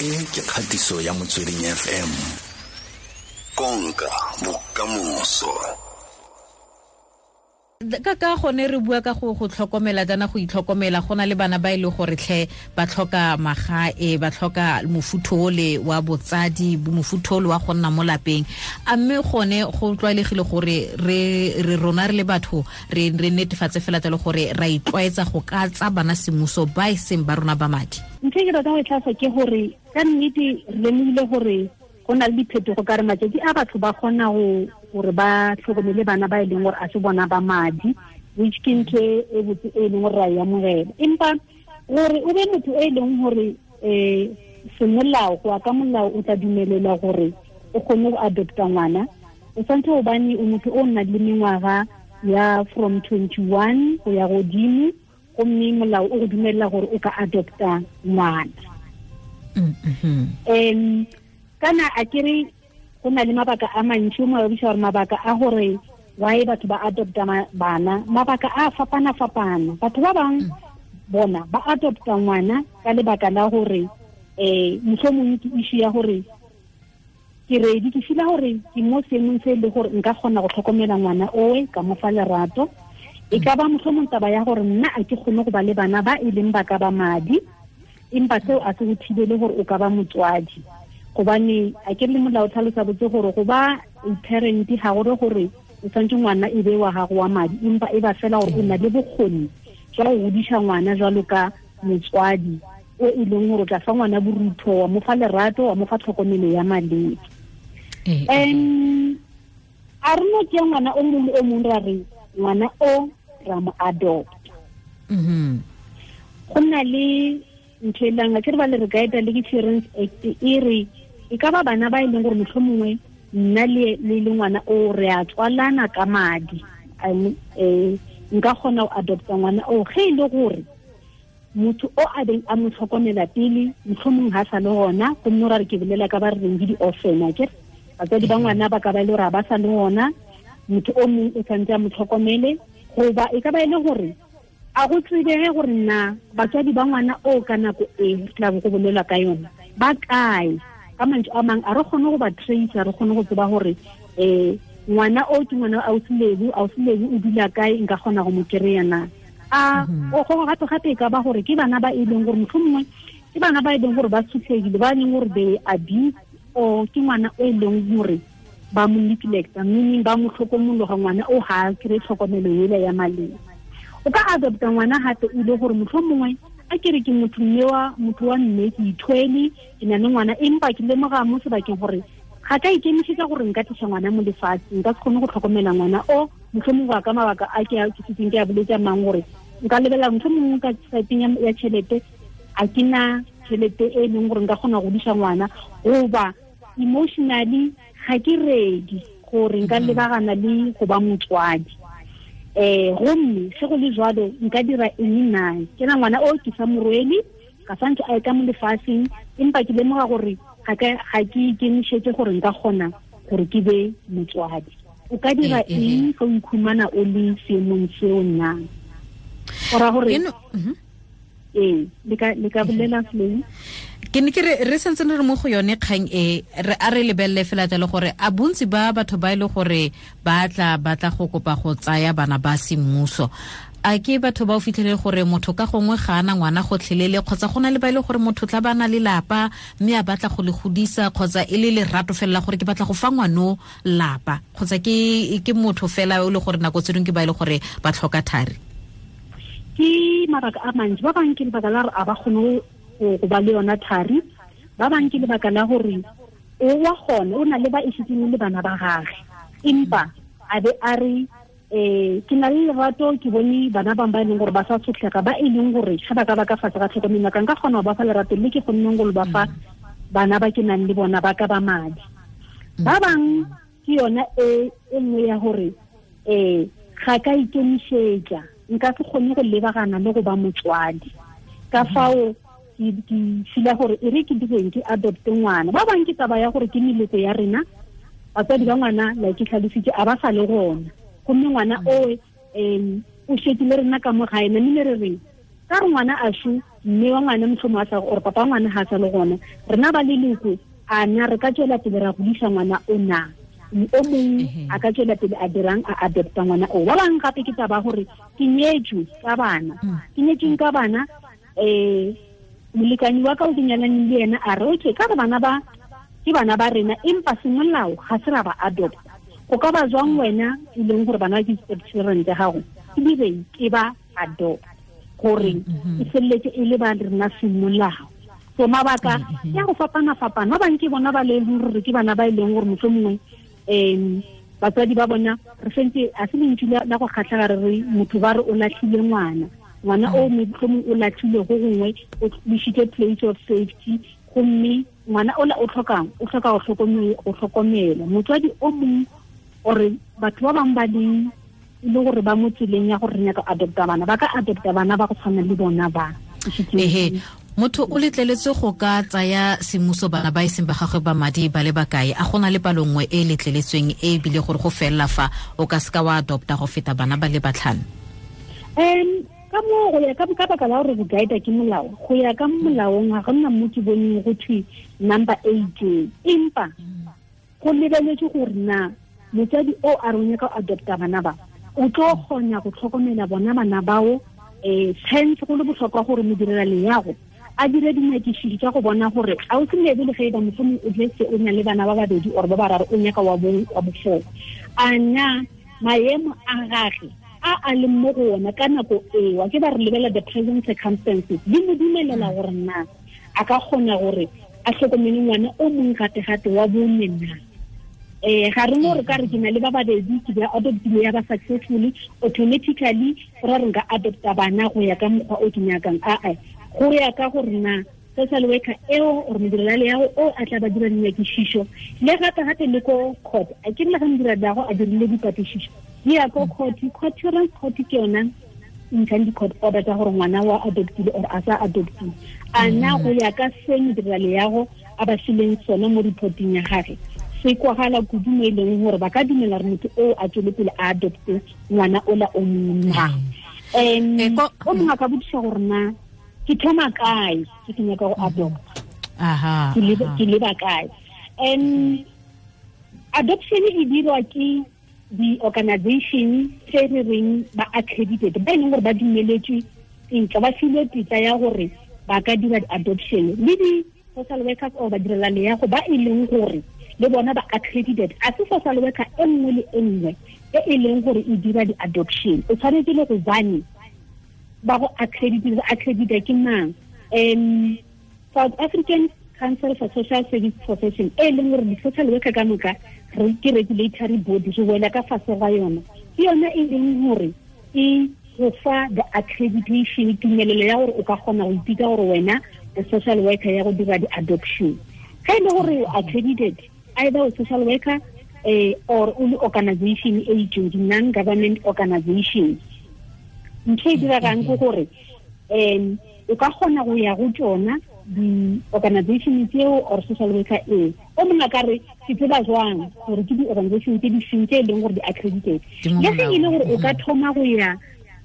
e ke kgatiso ya motsweding fm konka bokamoso ka ka gone re bua ka go go tlhokomela jana go itlhokomela go na le bana ba ile e gore tlhe ba tlhoka magae ba tlhoka mofutho le wa botsadi mofutho le wa go nna mo lapeng a mme gone go tlwaelegile gore re re rona re le batho re re netefatse fela tlo gore ra itlwaetsa go ka tsa bana semuso ba e seng ba rona ba madi ntho e ke rata go e tlhasa ke gore ka nnete re lemogile gore go na le diphetogo ka re matsatsi a batho ba kgona gore ba tlhokomele bana ba e leng gore a se bona ba madi which ke ntho e, e botse e leng gore ra e amogela empa gore o be motho e leng gore um semolao go ya ka molao o tla dumelelwa gore o kgone go adopta ngwana o tshwanetse gobane o motho o nna le mengwaga ya from twenty one go ya godimo gomme molao o go dumelela gore o ka adopta ngwana um kana a kere go na le mabaka a mantši o moabisa gore mabaka a gore wae batho ba adopta bana mabaka a fapana-fapana batho ba bangwe bona ba adopta ngwana ka lebaka la gore um eh, motlhomongwe ke issue ya gore ke redi ke fila gore ke mo seemong se e le gore nka kgona go tlhokomela ngwana oe ka mo fa lerato e ka ba motlhomong taba ya gore nna a ke kgone go ba le bana ba e leng ba ka ba madi empa seo a se go thibele gore o ka ba motswadi gobane a ke le molao tlhalosa botse gore go ba parent ga gore gore o tshwanetse ngwana e be wa gago wa madi empa e ba fela gore o na le bokgoni jwa go godisa ngwana jwalo ka motswadi o e leng gore tla fa ngwana borutho wa mofa lerato wa mofa tlhokomelo ya malwetse um eh, eh. a re no ke ngwana o mongwe o mongwe ra re ngwana o ra mo adopta go mm-hmm. nna le ntho e lang a ke re ba le re guida le ke parents act e re e ka ba bana ba e leng gore motlho mongwe nna le le ngwana o re a tswalana ka madi eh, nka kgona go adopta ngwana o ge e le gore motho o a beng a mo tlhokomela pele motlhomong ha sa le gona gomme ra re ke bolela ka ba re reng ke di-orphan akere batsadi ba ngwana ba ka ba e le gore a ba sa le gona motho o mongwe o tshwanetse a mo tlhokomele goba e ka ba e le gore a go tsebege gore nna batswadi ba ngwana o ka nako e tlabo bo go bolelwa ka yona ba kae ka mantswe a mang a re kgone go ba trace a re kgone go tseba gore um ngwana o ke ngwana a osilebu o dula kae nka kgona go mo kry-a na a mhm. o go gape gape ka ba gore ke bana ba e leng gore motlho mongwe ke bana ba e leng gore ba sutlegile ba leng gore be abuse or ke ngwana o e leng gore ba mo neglecta meaning ba motlhokomologa ngwana o ga a kry-e tlhokomelo ele ya maleng o ka adopta ngwana gape e le gore motlho mongwe a ke re ke motho mme wa motho wa mme ke ithwele ke na le ngwana empa ke lemoga mo sebakeng gore ga ka ikemisetsa gore nka tlisa ngwana mo lefatshe nka se kgone go tlhokomela ngwana o motlhomong mongwe ya ka mabaka a ke ke setseng ke a boletse mang gore nka lebela motlho mongwe e ka saeteng ya tšhelete a ke na tšhelete e leng gore nka kgona go disa ngwana goba emotionally ga ke redi gore nka mhm. lebagana le go ba motswadi eh gomme se go le jalo nka dira eng nae ke na ngwana o ke sa morwele ka santse a e ka mo lefatsheng empa ke lemoga gore ga ke ikemišetse gore nka kgona gore ke be motswadi o ka dira eh, eh, eh. eng ga o ikhumana o le seemong seo nang ora gore ee le ka bolela fleng ke ne ke re re sentse re mo go yone kgang e re a re lebelele fela jalo gore a bontsi ba batho ba ile e gore ba tla ba tla go kopa go tsaya bana ba semmuso a ke batho ba o fitlhele gore motho ka gongwe ga ana ngwana gotlhelele kgotsa go na le ba ile e gore motho tla ba na le lapa mme a batla go le godisa kgotsa e le lerato fela gore ke batla go fa ngwano lapa kgotsa ke ke motho fela o le gore nako tse dingwe ke ba ile e gore ba tlhoka thari ke mabaka a mantsi ba bang ke lebaka la gore a ba kgone go ba le yona thari ba bang ke lebaka la gore o wa gone o na le ba isitseng le bana ba gage empa a be a re um ke na le lerato ke bone bana bang ba e leng gore ba sa tshotlhega ba e leng gore ga ba ka ba ka fatshe ga tlhokomelo ka nka kgona go ba fa lerato le ke kgonneng go le ba fa bana ba ke nang le bona ba ka ba madi ba bang ke yona e, e nngwe ya gore um eh, ga ka ikemisetsa nka se kgone go lebagana le go ba motswadi ka fao ke fila gore e re ke direng ke adopte ngwana ba bang ke taba ya gore ke meloko ya rena batswadi ba ngwana like ke tlhalositse a ba sa le gona gomme ngwana o um o shekile rena ka mo gae namile re reng ka re ngwana a shu mme wa ngwana motlhomo a sa or papa ngwana ga sa le gona rena ba leloko a na re ka tswela pele ra godisa ngwana o na o mongwe a ka tswela pele a dirang a adopta ngwana o ba bang gape ke taba gore ke nyetswe ka bana mm. ke nyetsweng ka bana um eh, molekani wa ka o ke le ena a re okay ka re bana ba ke bana ba rena empa semolao ga se ra ba adopta go ka ba jwang wena e leng gore bana ke step children tsa gago ebile ke ba adopt gore mm, mm-hmm. e feleletse e le ba rena semolao so mabaka mm, mm-hmm. ya go fapana-fapana ba bang ke bona ba le leng gore ke bana ba e leng gore motlho mongwe um batswadi ba bona re sentse a se lentsi la go kgatlha re re motho ba re o latlhile ngwana ngwana o motlhomong o latlhile go gongwe o lešitse place of safety gomme ngwana ola o tlhokang o tlhoka go tlhokomela motswadi o mongwe ore batho ba bangwe ba leng e le gore ba mo tseleng ya gore re nyaka adopta bana ba ka adopta bana ba go tshwana le bona ba motho o letleletswe go ka tsaya semmuso bana ba iseng e ba gagwe ba madi ba le bakae a gona le palongwe e letleletsweng e bile gore go felela fa o ka seka wa adopta go feta bana ba le batlhano um ka mo go ya ka baka la gore guide ke molao go ya ka molaong ga nna mo ke boneng go thwe number eighteen empa go lebeletswe gore na motsadi o a ronya ka adopta bana ba o tlo kgonya go tlhokomela bona bana bao um eh, tshwanetse go le botlhokwa gore modirela leyago a dire dinyakišiši tša go bona gore a o se lebele ge eda mogomo o jetse o na le bana ba babedi ore ba bararo o nyaka wa bofoko a na maemo a gage a a leng mo go ona ka nako ewa ke ba re lebela the present circumstances di mo dumelela gore na a ka kgona gore a tlhokomele ngwana o mong gate-gate wa bone na um ga re mo re ka re ke na le ba babedi ke ba adoptile ya ba successfully automatically ra re nka adopta bana go ya ka mokgwa o ke nyakang a go ya ka gore na social worker eo or modirelale yago o a tla ba dira dinyakišišo le gape-gape le ko court a ke nna ga modirallago a dirile dipatlisišo di ya ko court courturance court ke yona ntšhang di-court order tsa gore ngwana wa adoptile or a sa adoptile a na mm. go ya ka se modirelale yago a ba sileng sone mo reporting ya gage se kwagala kudu mo e leng gore ba ka dumela gore motho o a tswele pele a adopte ngwana ola o mongwe um o mongwe a ka bodisa gore na ke thoma kae ke ke nyaka go adopt ke leba kae and adoption e dirwa ke di-organization tse e re reng ba accredited ba e leng gore ba dumeletswe sentle ba filwe pitsa ya gore ba ka dira di-adoption le di-social workers or badirela yago ba e leng gore le bona ba accredited a se social worker e nngwe le e nngwe e e leng gore e dira di-adoption o tshwanetse le go bane ba go accredited accredited ke mang um south african council for social service profession e leng gore di-social worker ka moka ke regulatory body re wela ka fase ga yona ke yona e leng gore e go fa the accreditation tumelelo ya gore o ka kgona go itika gore wena the social worker ya go dira di-adoption ga e le gore accredited either o social worker um or o le organization e non government organization ntho e diregang ke gore um o ka kgona go ya go tsona di-organization tseo or social worker e o mongwe ka re ke tseba jwang gore ke di-organization tse di feng tse e leng gore di-accredited le ge e le gore o ka mm-hmm. thoma go ya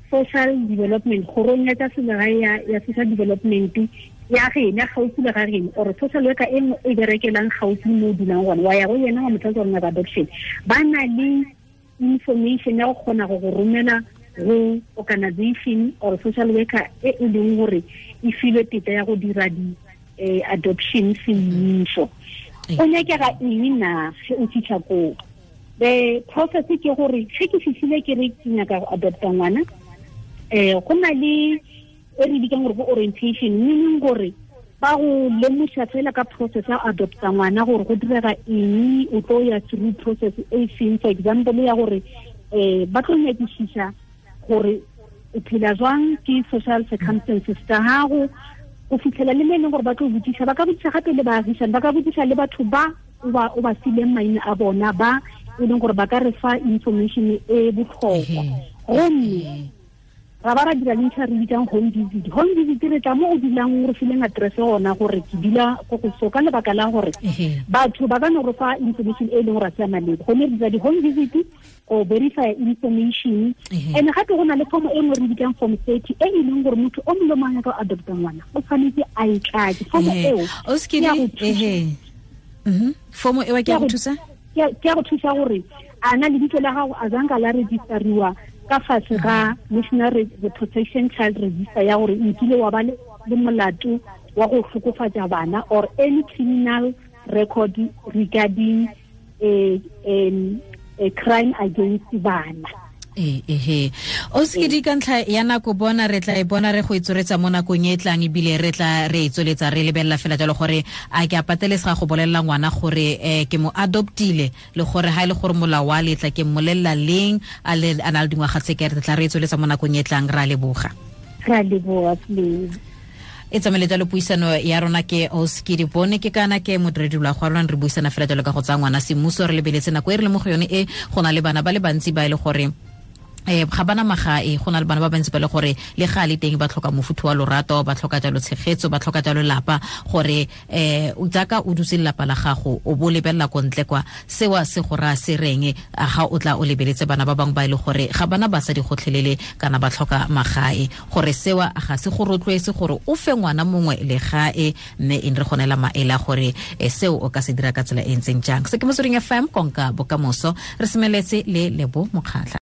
social development gorong ya tsa selegae ya social development ya gena gaufi le ga gena or social worker e nngwe e berekelang gaufi mo o dulang gone wa ya go yena wa motlhatsa rona ba adoption ba na le information ya go kgona go go romela go organization or social worker e e leng gore e filwe tetla ya go dira di-adoption eh, semmuso o nyakega eng na ge o fitlha koo the process ke gore ge ke fitlhile ke re ke nyaka go adopta ngwana um go na le e re bikang gore go orientation meaning gore ba go lemosa fela ka process ya go adopta ngwana gore go direga eng o tlo ya through process e seng for example ya gore um ba tlo nyakisisa gore o phela jwang ke social circumstances tsa gago go fitlhela le me leng gore ba tlo botsisa ba ka botsisa gape le baagisane ba ka botsisa le batho ba o ba sileng maina a bona ba e leng gore ba ka re fa information e botlhokwa gomme ra ba ra dira le ntho re bitsang home visit home visit re tla mo o dulang re fileng address gona gore ke dula ko go so ka lebaka la gore batho ba ka no re fa information e leng gore a seana le gone re dira di-home visit go verify information and ke go na le form e nngwe re bitsang form thirty e e leng gore motho o mole mang ya ka adopta ngwana o tshwanetse a e tlatse form eo mhm. form eo ke ya go thusa ke go thusa gore a na le ditlo la gago a zanka la registariwa ka fase ga national protection child register ya gore nkile wa ba le molato wa go hlokofatsa bana or any criminal record regarding a, eh, a, a crime against bana eh o sekedi ka ntlha ya nako bona re tla e bona re go e mona mo nakong e e tlang ebile re tla re e re lebelela fela jalo gore a ke a patelesega go bolelela ngwana gore um ke mo adoptile le gore ga e le gore molao wa letla ke mmolelela leng a le dingwaga tla re itsoletsa mo nakong e e tlang re a leboga please e tsamaile jalo puisano ya rona ke bone ke kana ke la go re buisana fela ka go tsaya ngwana re e re le mo e go le bana ba le bantsi ba e gore eh ga bana magae go na le bana ba bantsi ba e le gore le ga le teng ba tlhoka mofutho wa lorato ba tlhoka jalo tshegetso ba tlhoka jalo lapa gore eh jaaka o dutse lelapa la gago o bo lebelela ko ntle kwa sewa se go raya se reng ga o tla o lebeletse bana ba bangwe ba e le gore ga bana ba sa di gotlhelele kana ba tlhoka magae gore sewa ga se go rotloetse gore o fe ngwana mongwe le gae mme e re gonela maele a gore eh, seo o ka se dira ka tsela e, e ntseng jang se ke mosering fm konka bokamoso re semeletse le lebo mokgatlha